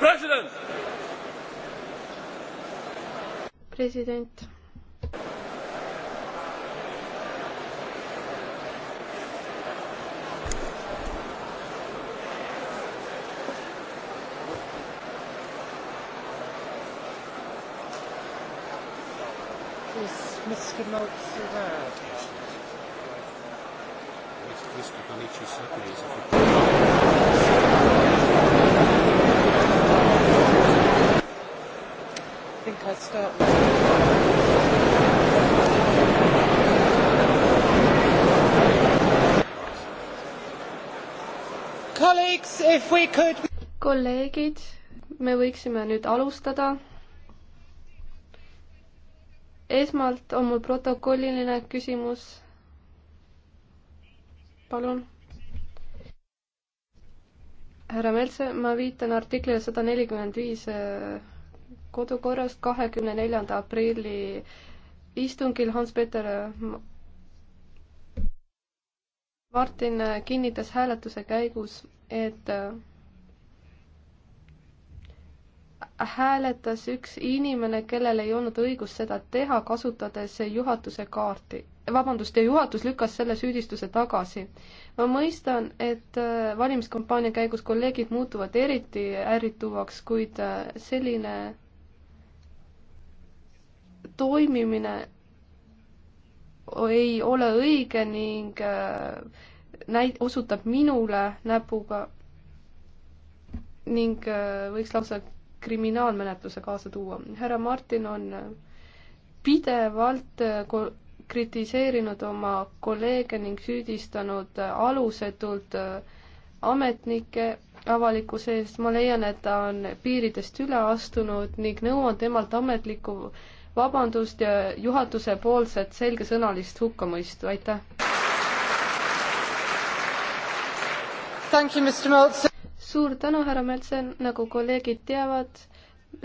president. president. Is Mr. Notes kolleegid, me võiksime nüüd alustada. esmalt on mul protokolliline küsimus. palun. härra Meltse, ma viitan artiklile sada nelikümmend viis kodukorrast kahekümne neljanda aprilli istungil Hans-Peter Martin kinnitas hääletuse käigus, et äh, hääletas üks inimene, kellel ei olnud õigust seda teha, kasutades juhatuse kaarti. vabandust, ja juhatus lükkas selle süüdistuse tagasi. ma mõistan, et äh, valimiskampaania käigus kolleegid muutuvad eriti ärrituvaks, kuid äh, selline toimimine ei ole õige ning äh, näit-, osutab minule näpuga ning äh, võiks lausa kriminaalmenetluse kaasa tuua. härra Martin on äh, pidevalt kritiseerinud oma kolleege ning süüdistanud alusetult ametnikke avalikkuse eest. ma leian, et ta on piiridest üle astunud ning nõuan temalt ametlikku vabandust ja juhatuse poolset selgesõnalist hukkamõistu, aitäh. suur tänu, härra Meltsen, nagu kolleegid teavad,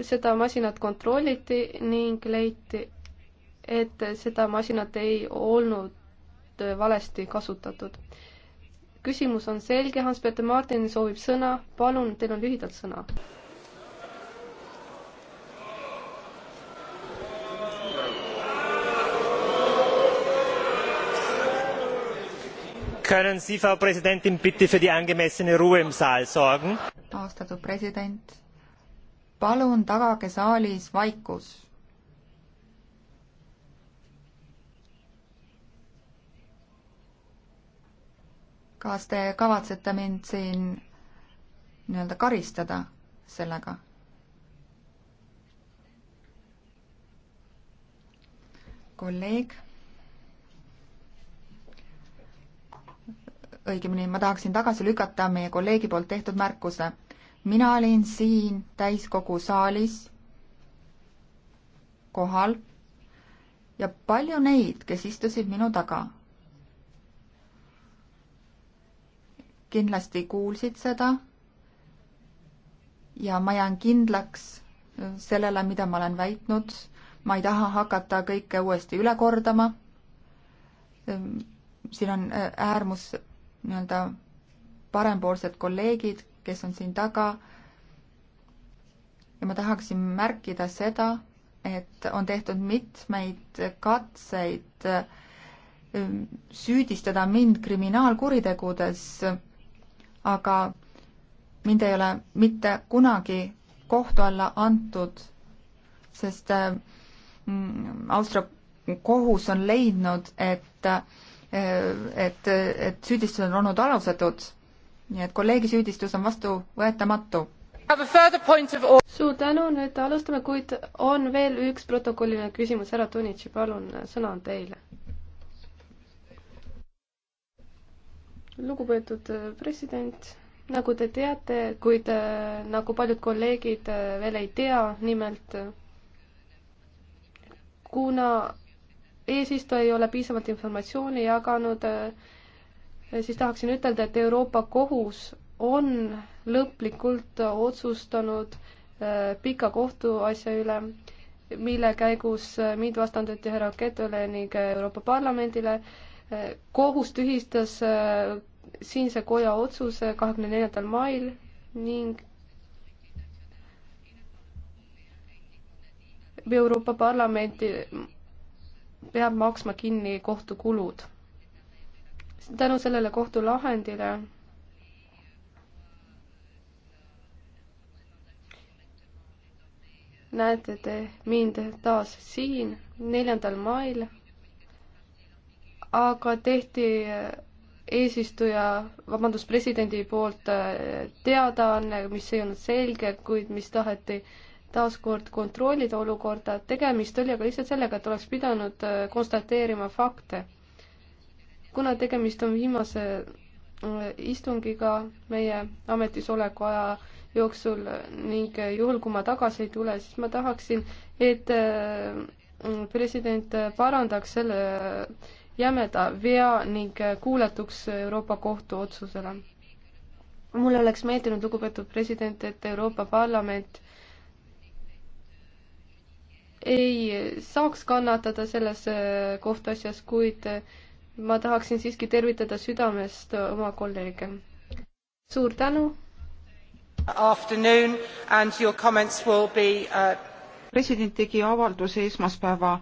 seda masinat kontrolliti ning leiti, et seda masinat ei olnud valesti kasutatud. küsimus on selge, Hans-Peter Martin soovib sõna, palun, teil on lühidalt sõna können Sie, Frau Präsidentin, bitte für die angemessene Ruhe im Saal sorgen? austatud president, palun tagage saalis vaikus. kas te kavatsete mind siin nii-öelda karistada sellega? kolleeg õigemini ma tahaksin tagasi lükata meie kolleegi poolt tehtud märkuse. mina olin siin täiskogu saalis kohal ja palju neid, kes istusid minu taga. kindlasti kuulsid seda ja ma jään kindlaks sellele, mida ma olen väitnud. ma ei taha hakata kõike uuesti üle kordama. siin on äh, äärmus nii-öelda parempoolsed kolleegid, kes on siin taga. ja ma tahaksin märkida seda, et on tehtud mitmeid katseid ähm, süüdistada mind kriminaalkuritegudes, aga mind ei ole mitte kunagi kohtu alla antud, sest ähm, Austria kohus on leidnud, et et, et süüdistused on olnud alusetud. nii et kolleegi süüdistus on vastuvõetamatu. suur tänu, nüüd alustame, kuid on veel üks protokolliline küsimus, härra Tunitši, palun, sõna on teile. lugupeetud äh, president nagu te teate, kuid äh, nagu paljud kolleegid äh, veel ei tea, nimelt kuna eesistuja ei ole piisavalt informatsiooni jaganud, eh, siis tahaksin ütelda, et Euroopa Kohus on lõplikult otsustanud eh, pika kohtuasja üle, mille käigus eh, mind vastandati härra Ketole ning Euroopa Parlamendile. kohus tühistas siinse koja otsuse kahekümne neljandal mail ning Euroopa Parlamenti peab maksma kinni kohtukulud. tänu sellele kohtulahendile näete te mind taas siin, neljandal mail, aga tehti eesistuja, vabandust, presidendi poolt teadaanne, mis ei olnud selge, kuid mis taheti äh, taaskord kontrollida olukorda, tegemist oli aga lihtsalt sellega, et oleks pidanud äh, konstateerima fakte. kuna tegemist on viimase äh, istungiga meie ametisoleku aja jooksul ning juhul, kui ma tagasi ei tule, siis ma tahaksin, et äh, president parandaks selle jämeda vea ning kuuletuks Euroopa Kohtu otsusele. mulle oleks meeldinud, lugupeetud president, et Euroopa Parlament ei saaks kannatada selles äh, kohtuasjas, kuid äh, ma tahaksin siiski tervitada südamest äh, oma kolleege. suur tänu. Be... Uh, president tegi avalduse esmaspäeva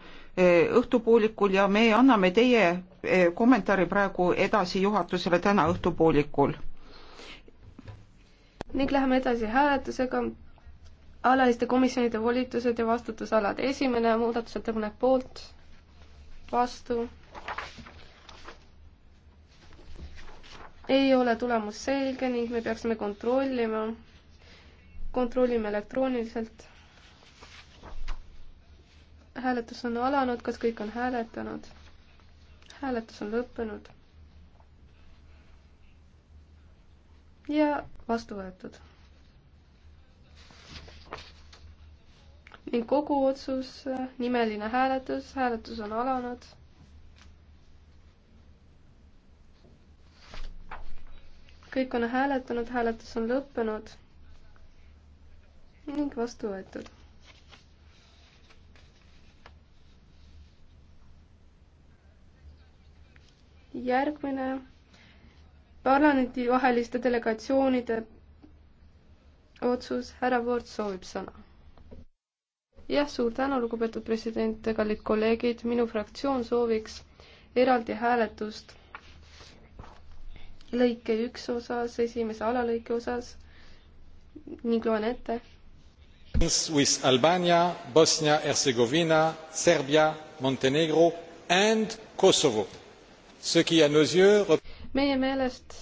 õhtupoolikul ja me anname teie kommentaari praegu edasi juhatusele täna õhtupoolikul. ning läheme edasi hääletusega alaliste komisjonide volitused ja vastutusalad. esimene muudatusettepanek poolt, vastu. ei ole tulemus selge ning me peaksime kontrollima. kontrollime elektrooniliselt. hääletus on alanud, kas kõik on hääletanud? hääletus on lõppenud. ja vastu võetud ning kogu otsus, nimeline hääletus, hääletus on alanud. kõik on hääletanud, hääletus on lõppenud ning vastu võetud. järgmine parlamendivaheliste delegatsioonide otsus, härra Voort soovib sõna jah, suur tänu, lugupeetud president, kallid kolleegid, minu fraktsioon sooviks eraldi hääletust lõike üks osas, esimese alalõike osas ning loen ette. With Albania, Bosnia Herzegovina, Serbia, Montenegro and Kosovo. meie meelest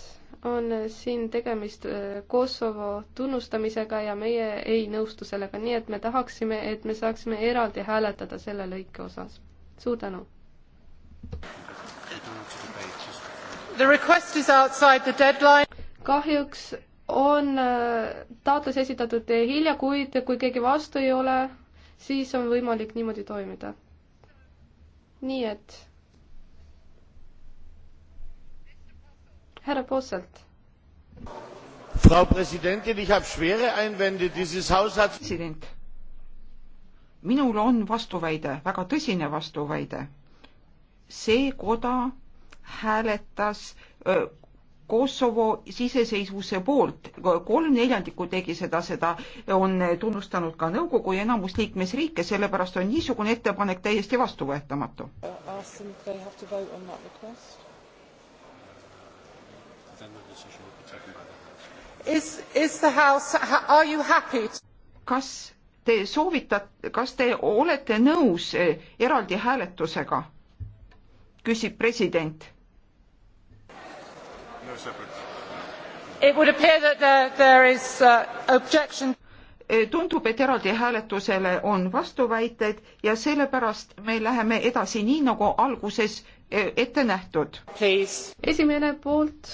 on siin tegemist äh, Kosovo tunnustamisega ja meie ei nõustu sellega, nii et me tahaksime, et me saaksime eraldi hääletada selle lõike osas. suur tänu. kahjuks on äh, taotlus esitatud hilja, kuid kui keegi vastu ei ole, siis on võimalik niimoodi toimida. nii et härra Posselt. Frau Präsidentin, ich habe schwere Einwände, dieses Haus hat president, minul on vastuväide, väga tõsine vastuväide. see koda hääletas öö, Kosovo siseseisvuse poolt, kolm neljandikku tegi seda, seda on tunnustanud ka nõukogu ja enamus liikmesriike, sellepärast on niisugune ettepanek täiesti vastuvõetamatu. Uh, then the decision will be taken by the House. Is, is the House, are you happy? Kas te soovitate, kas te olete nõus eh, eraldi hääletusega? Küsib president. No separate. It would appear that there, there is uh, objection eh, tundub, et eraldi hääletusele on vastuväited ja sellepärast me läheme edasi nii, nagu alguses eh, ette nähtud. esimene poolt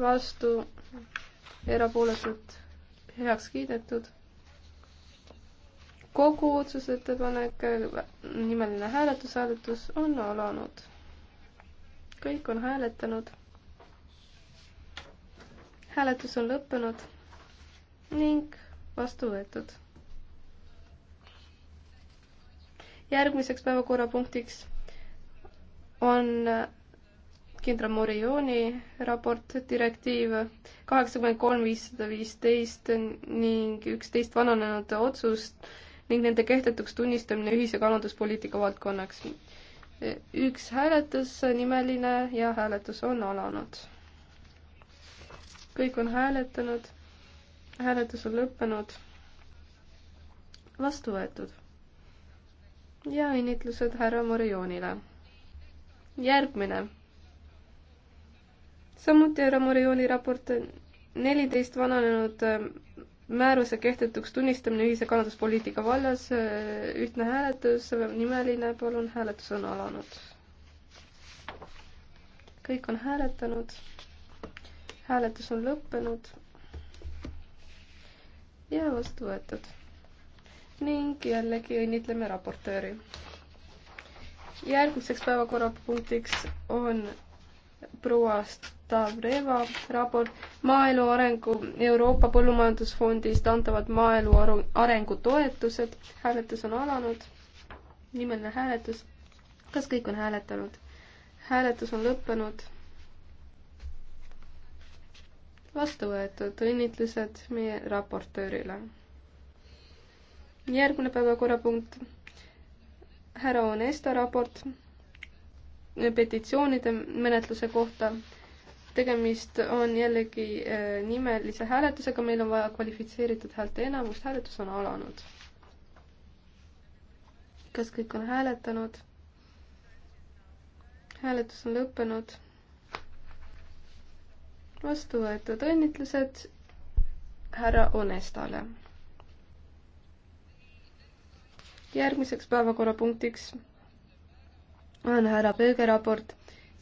vastu, erapooletult heaks kiidetud. kogu otsusettepanek, nimeline hääletus, hääletus on alanud. kõik on hääletanud. hääletus on lõppenud ning vastu võetud. järgmiseks päevakorrapunktiks on kindral Morioni raport, direktiiv kaheksakümmend kolm viissada viisteist ning üksteist vananenud otsust ning nende kehtetuks tunnistamine ühise kalanduspoliitika valdkonnaks. üks hääletus, nimeline ja hääletus on alanud. kõik on hääletanud, hääletus on lõppenud, vastu võetud. ja õnnitlused härra Morionile. järgmine samuti härra Morioni raport äh, neliteist vananenud äh, määruse kehtetuks tunnistamine ühise kalanduspoliitika vallas, äh, ühtne hääletus, nimeline, palun, hääletus on alanud. kõik on hääletanud. hääletus on lõppenud. ja vastu võetud. ning jällegi õnnitleme raportööri. järgmiseks päevakorrapunktiks on proua Stavreva raport Maaelu arengu Euroopa Põllumajandusfondist antavad maaelu arengutoetused. hääletus on alanud. nimeline hääletus. kas kõik on hääletanud? hääletus on lõppenud vastu võetud, õnnitlused meie raportöörile. järgmine päevakorrapunkt, härra Onesta raport petitsioonide menetluse kohta. tegemist on jällegi äh, nimelise hääletusega, meil on vaja kvalifitseeritud häälteenamust, hääletus on alanud. kas kõik on hääletanud? hääletus on lõppenud. vastu võetud õnnitlused härra Onestale. järgmiseks päevakorrapunktiks on härra Pööge raport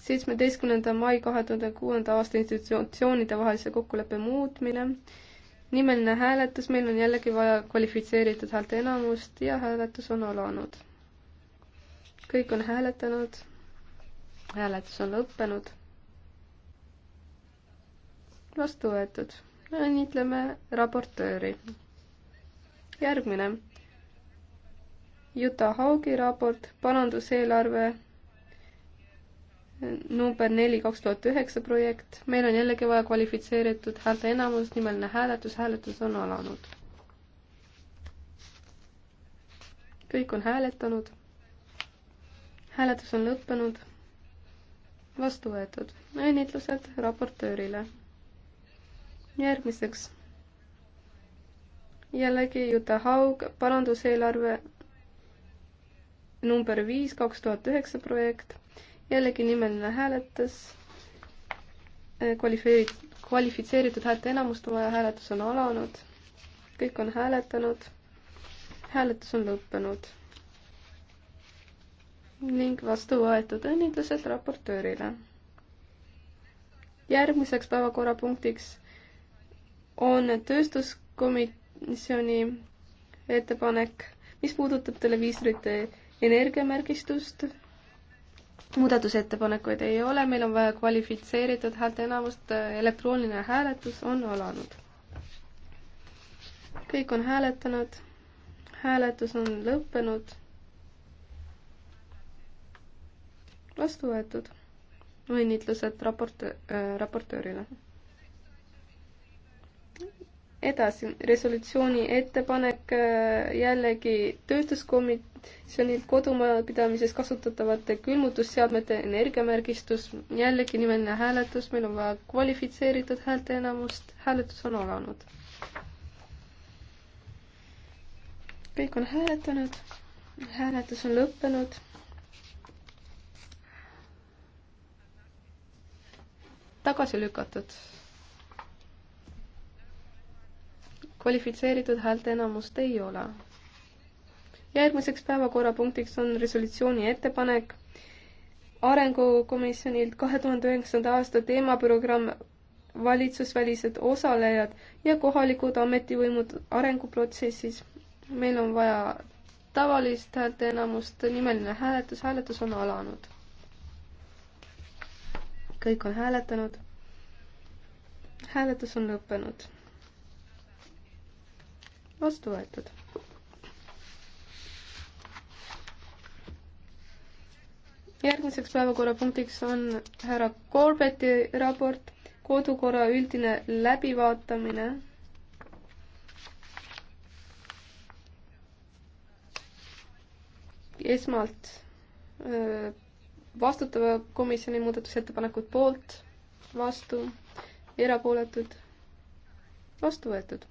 seitsmeteistkümnenda mai kahe tuhande kuuenda aasta institutsioonide vahelise kokkuleppe muutmine. nimeline hääletus, meil on jällegi vaja kvalifitseeritud häälteenamust ja hääletus on alanud. kõik on hääletanud. hääletus on lõppenud. vastu võetud. õnnitleme raportööri. järgmine. Juta Haugi raport, paranduseelarve number neli kaks tuhat üheksa projekt, meil on jällegi vaja kvalifitseeritud häälteenamus, nimeline hääletus, hääletus on alanud. kõik on hääletanud. hääletus on lõppenud. vastu võetud. õnnitlused raportöörile. järgmiseks. jällegi Juta Haug, paranduseelarve number viis, kaks tuhat üheksa projekt jällegi nimeline hääletus, äh, kvalifitseeritud, kvalifitseeritud häälte enamust on vaja, hääletus on alanud, kõik on hääletanud, hääletus on lõppenud ning vastu võetud õnnitlused raportöörile. järgmiseks päevakorrapunktiks on tööstuskomisjoni ettepanek, mis puudutab televiisorite energiamärgistust muudatusettepanekuid ei ole, meil on vaja kvalifitseeritud häälteenamust, elektrooniline hääletus on alanud. kõik on hääletanud, hääletus on lõppenud. vastu võetud. õnnitlused raport- äh,, raportöörile edasi, resolutsiooni ettepanek äh, jällegi tööstuskomisjonilt kodumajapidamises kasutatavate külmutusseadmete energiamärgistus, jällegi nimeline hääletus, meil on vaja kvalifitseeritud häälteenamust, hääletus on alanud. kõik on hääletanud, hääletus on lõppenud tagasi lükatud kvalifitseeritud häälteenamust ei ole. järgmiseks päevakorrapunktiks on resolutsiooni ettepanek arengukomisjonilt kahe tuhande üheksanda aasta teemaprogramm valitsusvälised osalejad ja kohalikud ametivõimud arenguprotsessis. meil on vaja tavalist häälteenamust, nimeline hääletus, hääletus on alanud. kõik on hääletanud. hääletus on lõppenud vastu võetud. järgmiseks päevakorrapunktiks on härra Corbetti raport kodukorra üldine läbivaatamine. esmalt vastutava komisjoni muudatusettepanekud poolt, vastu, erapooletud, vastu võetud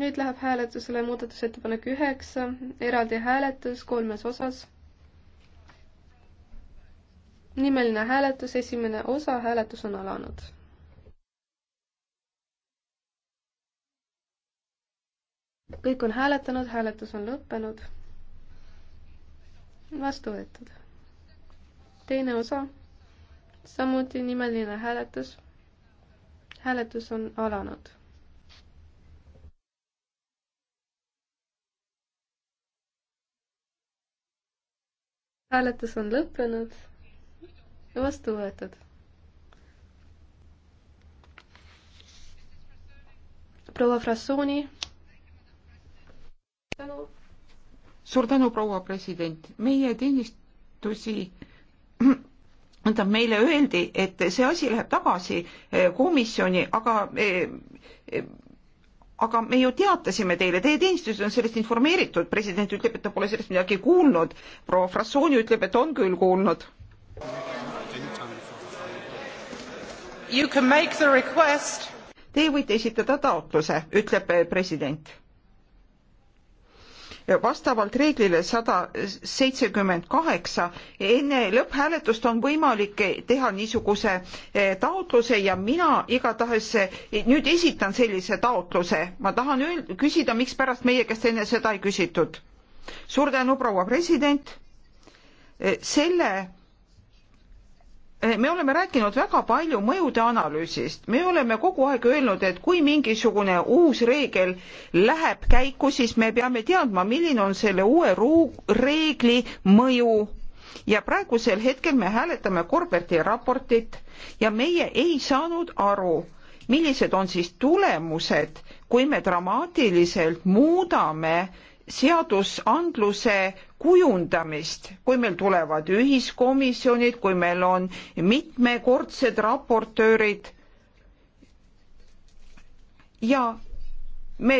nüüd läheb hääletusele muudatusettepanek üheksa, eraldi hääletus kolmes osas. nimeline hääletus, esimene osa, hääletus on alanud. kõik on hääletanud, hääletus on lõppenud. vastu võetud. teine osa, samuti nimeline hääletus. hääletus on alanud hääletus on lõppenud. vastu võetud. proua Frassooni. tänu. suur tänu, proua president. meie teenistusi tähendab, meile öeldi, et see asi läheb tagasi eh, komisjoni, aga eh, eh, aga me ju teatasime teile, teie teenistus on sellest informeeritud, president ütleb, et ta pole sellest midagi kuulnud, proua Frassooni ütleb, et on küll kuulnud. Te võite esitada taotluse, ütleb president vastavalt reeglile sada seitsekümmend kaheksa enne lõpphääletust on võimalik teha niisuguse eh, taotluse ja mina igatahes eh, nüüd esitan sellise taotluse. ma tahan öelda, küsida, mikspärast meie käest enne seda ei küsitud. suur tänu, proua president. Eh, selle Eh, me oleme rääkinud väga palju mõjude analüüsist, me oleme kogu aeg öelnud, et kui mingisugune uus reegel läheb käiku, siis me peame teadma, milline on selle uue reegli mõju. ja praegusel hetkel me hääletame Corberti raportit ja meie ei saanud aru, millised on siis tulemused, kui me dramaatiliselt muudame seadusandluse kujundamist, kui meil tulevad ühiskomisjonid, kui meil on mitmekordsed raportöörid ja me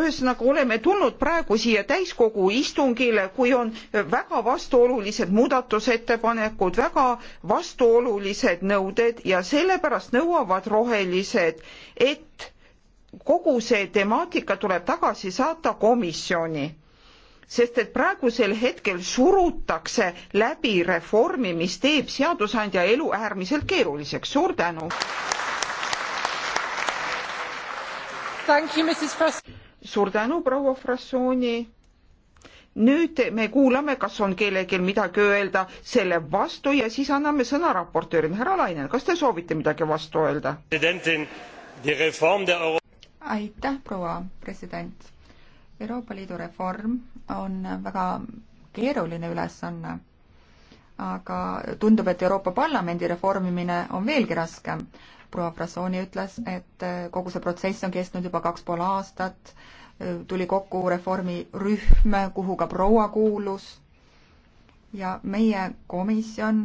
ühesõnaga oleme tulnud praegu siia täiskogu istungile, kui on väga vastuolulised muudatusettepanekud, väga vastuolulised nõuded ja sellepärast nõuavad rohelised, et kogu see temaatika tuleb tagasi saata komisjoni sest et praegusel hetkel surutakse läbi reformi, mis teeb seadusandja elu äärmiselt keeruliseks. suur tänu. suur tänu, proua Frassooni nüüd me kuulame, kas on kellelgi midagi öelda selle vastu ja siis anname sõna raportöörile. härra Lainen, kas te soovite midagi vastu öelda? aitäh, proua president. Euroopa Liidu reform on väga keeruline ülesanne, aga tundub, et Euroopa Parlamendi reformimine on veelgi raskem. proua Frassoni ütles, et kogu see protsess on kestnud juba kaks pool aastat, tuli kokku reformirühm, kuhu ka proua kuulus ja meie komisjon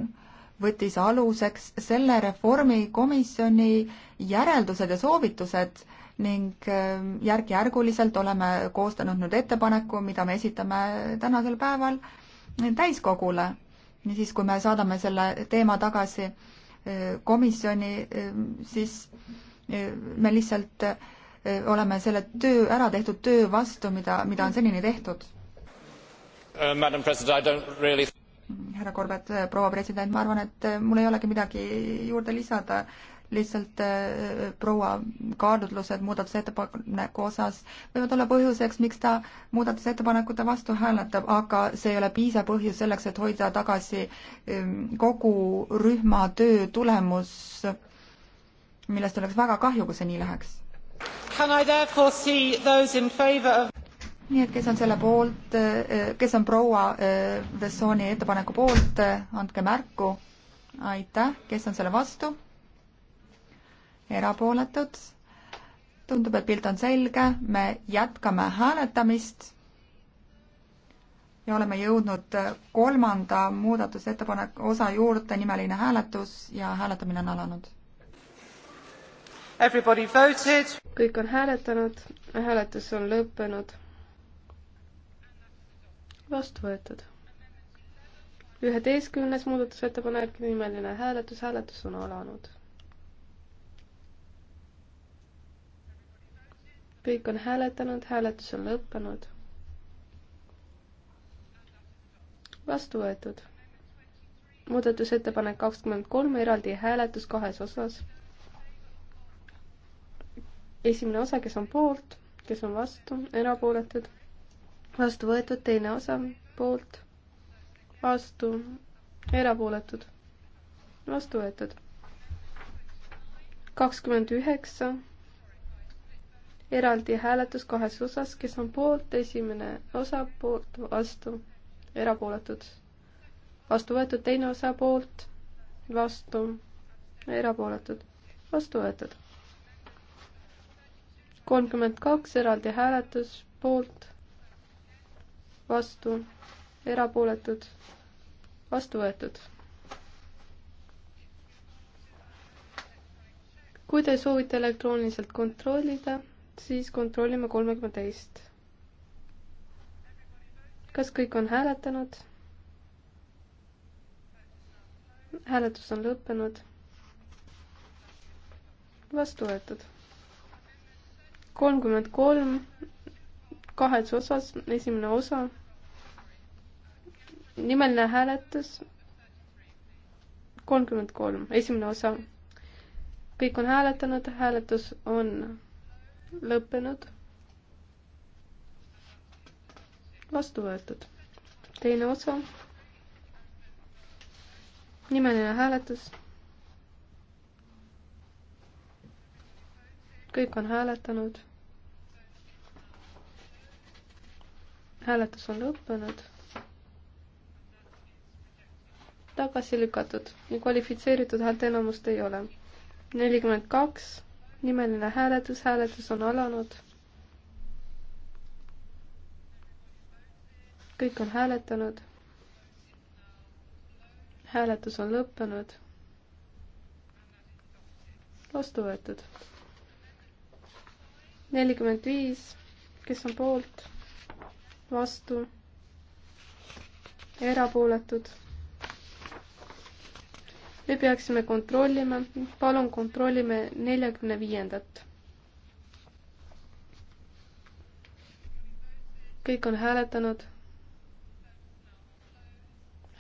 võttis aluseks selle reformikomisjoni järeldused ja soovitused, ning ähm, järk-järguliselt oleme koostanud nüüd ettepaneku, mida me esitame tänasel päeval täiskogule. ja siis, kui me saadame selle teema tagasi äh, komisjoni, ähm, siis äh, me lihtsalt äh, oleme selle töö, ära tehtud töö vastu, mida, mida on senini tehtud uh,. Really... härra Korbet, proua president, ma arvan, et mul ei olegi midagi juurde lisada lihtsalt äh, proua kaalutlused muudatusettepaneku osas võivad olla põhjuseks, miks ta muudatusettepanekute vastu hääletab, aga see ei ole piisav põhjus selleks, et hoida tagasi ähm, kogu rühma töö tulemus, millest oleks väga kahju, kui see nii läheks. nii et kes on selle poolt, äh, äh, kes on proua Vessooni ettepaneku poolt, andke märku. aitäh, kes on selle vastu? erapooletud. tundub, et pilt on selge, me jätkame hääletamist. ja oleme jõudnud kolmanda muudatusettepaneku osa juurde, nimeline hääletus ja hääletamine on alanud. kõik on hääletanud, hääletus on lõppenud. vastu võetud üheteistkümnes muudatusettepanek, nimeline hääletus, hääletus on alanud kõik on hääletanud, hääletus on lõppenud. vastu võetud. muudatusettepanek kakskümmend kolm, eraldi hääletus kahes osas. esimene osa, kes on poolt, kes on vastu, erapooletud. vastu võetud, teine osa, poolt, vastu, erapooletud, vastu võetud. kakskümmend üheksa eraldi hääletus kahes osas, kes on poolt, esimene osa poolt, vastu, erapooletud. vastu võetud teine osa poolt, vastu, erapooletud, vastu võetud. kolmkümmend kaks eraldi hääletus poolt, vastu, erapooletud, vastu võetud kui te soovite elektrooniliselt kontrollida, siis kontrollime kolmekümne teist. kas kõik on hääletanud? hääletus on lõppenud. vastu võetud. kolmkümmend kolm kahes osas, esimene osa. nimeline hääletus. kolmkümmend kolm, esimene osa. kõik on hääletanud, hääletus on lõppenud. vastu võetud. teine osa. nimeline hääletus. kõik on hääletanud. hääletus on lõppenud tagasi lükatud ja kvalifitseeritud häälteenamust ei ole. nelikümmend kaks nimeline hääletus, hääletus on alanud. kõik on hääletanud. hääletus on lõppenud. vastu võetud. nelikümmend viis, kes on poolt, vastu, erapooletud me peaksime kontrollima, palun kontrollime neljakümne viiendat. kõik on hääletanud.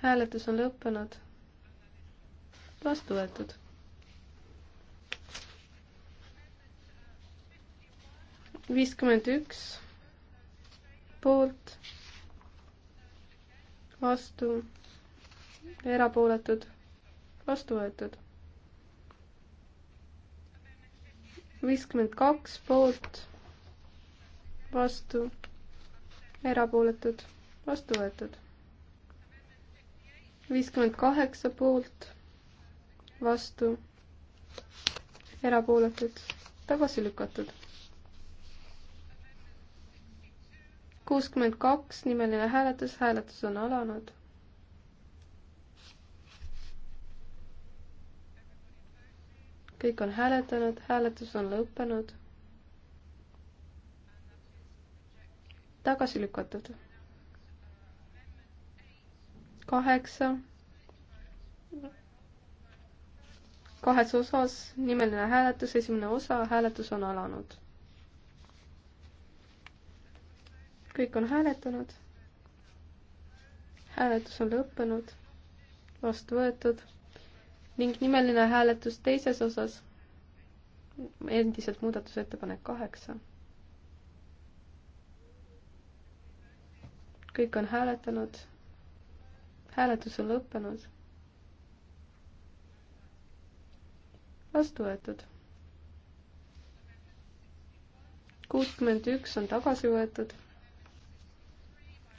hääletus on lõppenud. vastu võetud. viiskümmend üks poolt, vastu, erapooletud vastu võetud. viiskümmend kaks poolt, vastu, erapooletud, vastu võetud. viiskümmend kaheksa poolt, vastu, erapooletud, tagasi lükatud. kuuskümmend kaks nimeline hääletus, hääletus on alanud kõik on hääletanud, hääletus on lõppenud. tagasi lükatud. kaheksa. kahes osas nimeline hääletus, esimene osa, hääletus on alanud. kõik on hääletanud. hääletus on lõppenud, vastu võetud ning nimeline hääletus teises osas, endiselt muudatusettepanek kaheksa. kõik on hääletanud, hääletus on lõppenud. vastu võetud. kuuskümmend üks on tagasi võetud.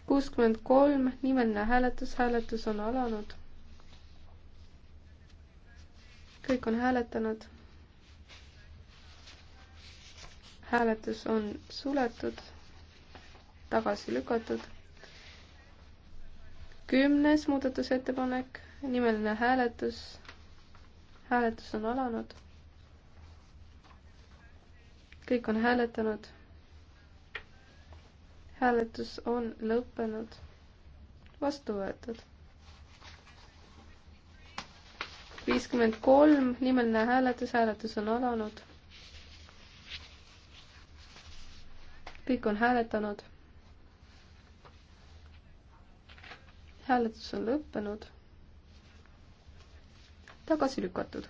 kuuskümmend kolm, nimeline hääletus, hääletus on alanud kõik on hääletanud. hääletus on suletud, tagasi lükatud. kümnes muudatusettepanek, nimeline hääletus. hääletus on alanud. kõik on hääletanud. hääletus on lõppenud, vastu võetud viiskümmend kolm, nimeline hääletus, hääletus on alanud. kõik on hääletanud. hääletus on lõppenud. tagasi lükatud.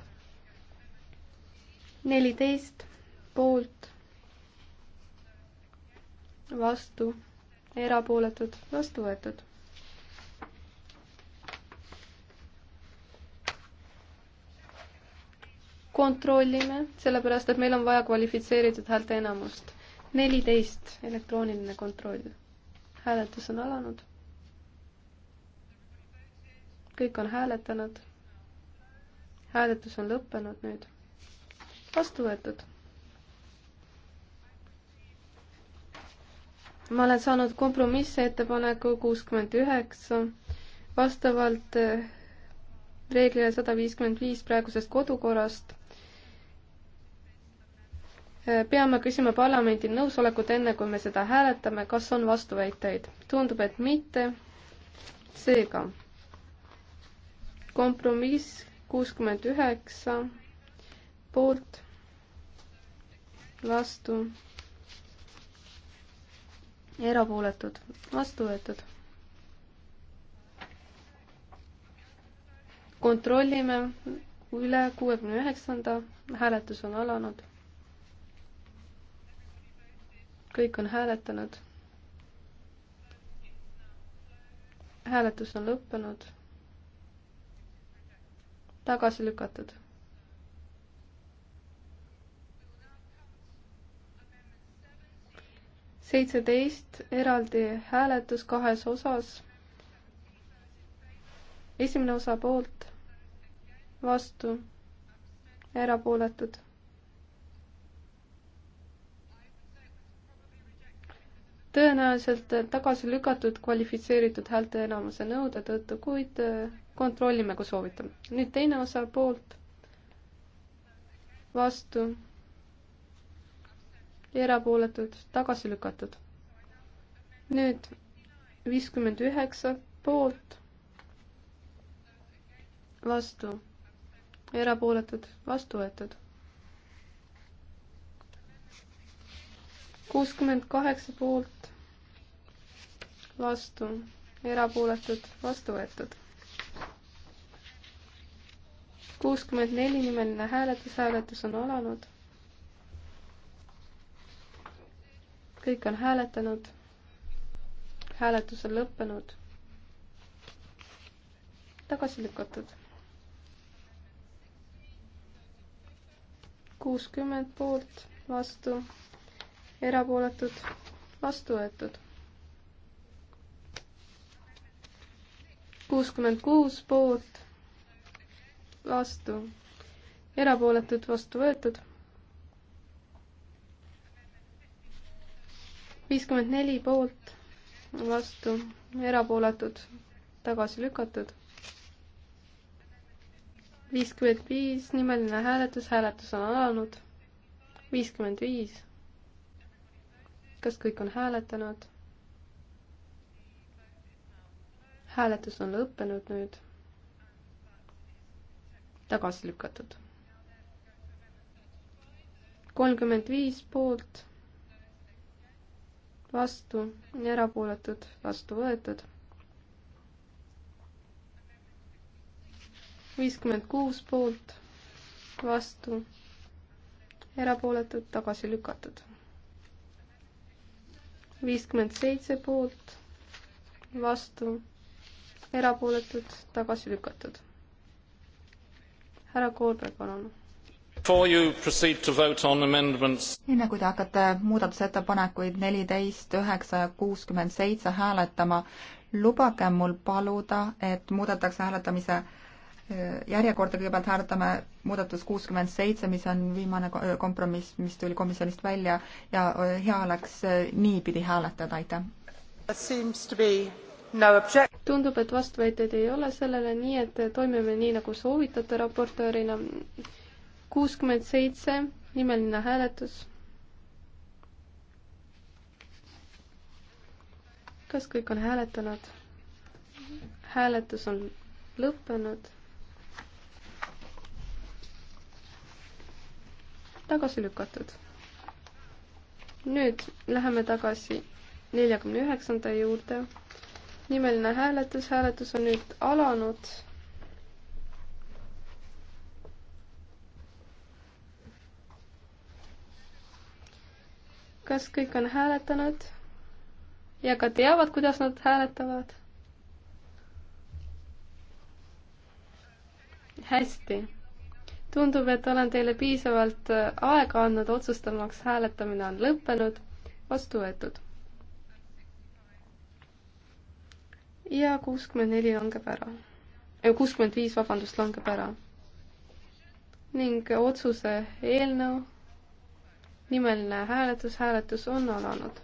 neliteist poolt, vastu, erapooletud, vastu võetud kontrollime, sellepärast et meil on vaja kvalifitseeritud häälteenamust. neliteist, elektrooniline kontroll. hääletus on alanud. kõik on hääletanud. hääletus on lõppenud nüüd. vastu võetud. ma olen saanud kompromissettepaneku kuuskümmend üheksa vastavalt eh, reeglile sada viiskümmend viis praegusest kodukorrast peame küsima parlamendi nõusolekut, enne kui me seda hääletame, kas on vastuväiteid. tundub, et mitte. seega kompromiss kuuskümmend üheksa poolt, vastu, erapooletud, vastu võetud. kontrollime üle kuuekümne üheksanda, hääletus on alanud kõik on hääletanud. hääletus on lõppenud. tagasi lükatud. seitseteist eraldi hääletus kahes osas. esimene osa poolt, vastu, erapooletud tõenäoliselt tagasi lükatud kvalifitseeritud häälteenamuse nõude tõttu, kuid äh, kontrollime, kui soovite. nüüd teine osa poolt, vastu, erapooletud, tagasi lükatud. nüüd viiskümmend üheksa poolt, vastu, erapooletud, vastu võetud kuuskümmend kaheksa poolt, vastu, erapooletud, vastu võetud. kuuskümmend neli nimeline hääletus, hääletus on alanud. kõik on hääletanud. hääletus on lõppenud. tagasi lükatud kuuskümmend poolt, vastu, erapooletud, vastu võetud. kuuskümmend kuus poolt, vastu, erapooletud, vastu võetud. viiskümmend neli poolt, vastu, erapooletud, tagasi lükatud. viiskümmend viis, nimeline hääletus, hääletus on alanud. viiskümmend viis. kas kõik on hääletanud? hääletus on lõppenud nüüd. tagasi lükatud. kolmkümmend viis poolt, vastu, erapooletud, vastu võetud. viiskümmend kuus poolt, vastu, erapooletud, tagasi lükatud viiskümmend seitse poolt, vastu, erapooletud, tagasi lükatud. härra Koolberg, palun. enne kui te hakkate muudatusettepanekuid neliteist, üheksa ja kuuskümmend seitse hääletama, lubage mul paluda, et muudetakse hääletamise äh, järjekorda, kõigepealt hääletame muudatus kuuskümmend seitse, mis on viimane kompromiss, mis tuli komisjonist välja ja äh, hea oleks äh, niipidi hääletada, aitäh. No tundub, et vastuväiteid ei ole sellele, nii et toimime nii, nagu soovitate raportöörina. kuuskümmend seitse, nimeline hääletus. kas kõik on hääletanud? hääletus on lõppenud. tagasi lükatud. nüüd läheme tagasi neljakümne üheksanda juurde nimeline hääletus, hääletus on nüüd alanud. kas kõik on hääletanud ja ka teavad, kuidas nad hääletavad? hästi. tundub, et olen teile piisavalt aega andnud otsustamaks, hääletamine on lõppenud, vastu võetud. ja kuuskümmend neli langeb ära. Äh, kuuskümmend viis, vabandust, langeb ära. ning otsuse eelnõu nimeline hääletus, hääletus on alanud.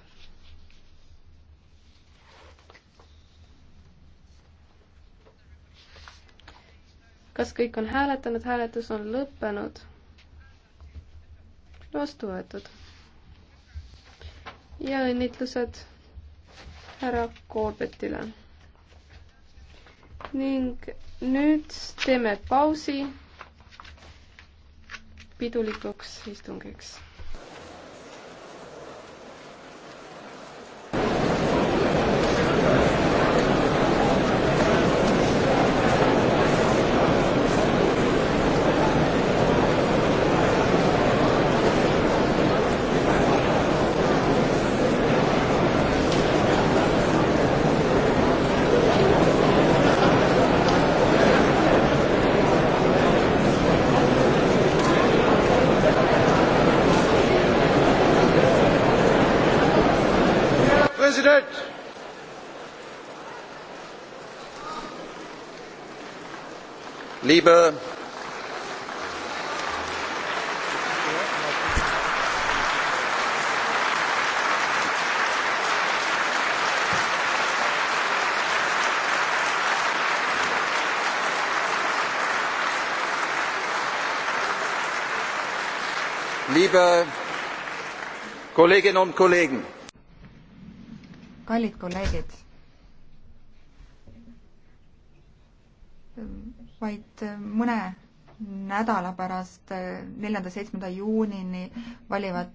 kas kõik on hääletanud, hääletus on lõppenud? vastu võetud. ja õnnitlused härra Koobetile ning nüüd teeme pausi pidulikuks istungiks Liebe liebe Kolleginnen und Kollegen. Kallid kolleegid vaid äh, mõne nädala pärast, äh, neljanda-seitsmenda juunini valivad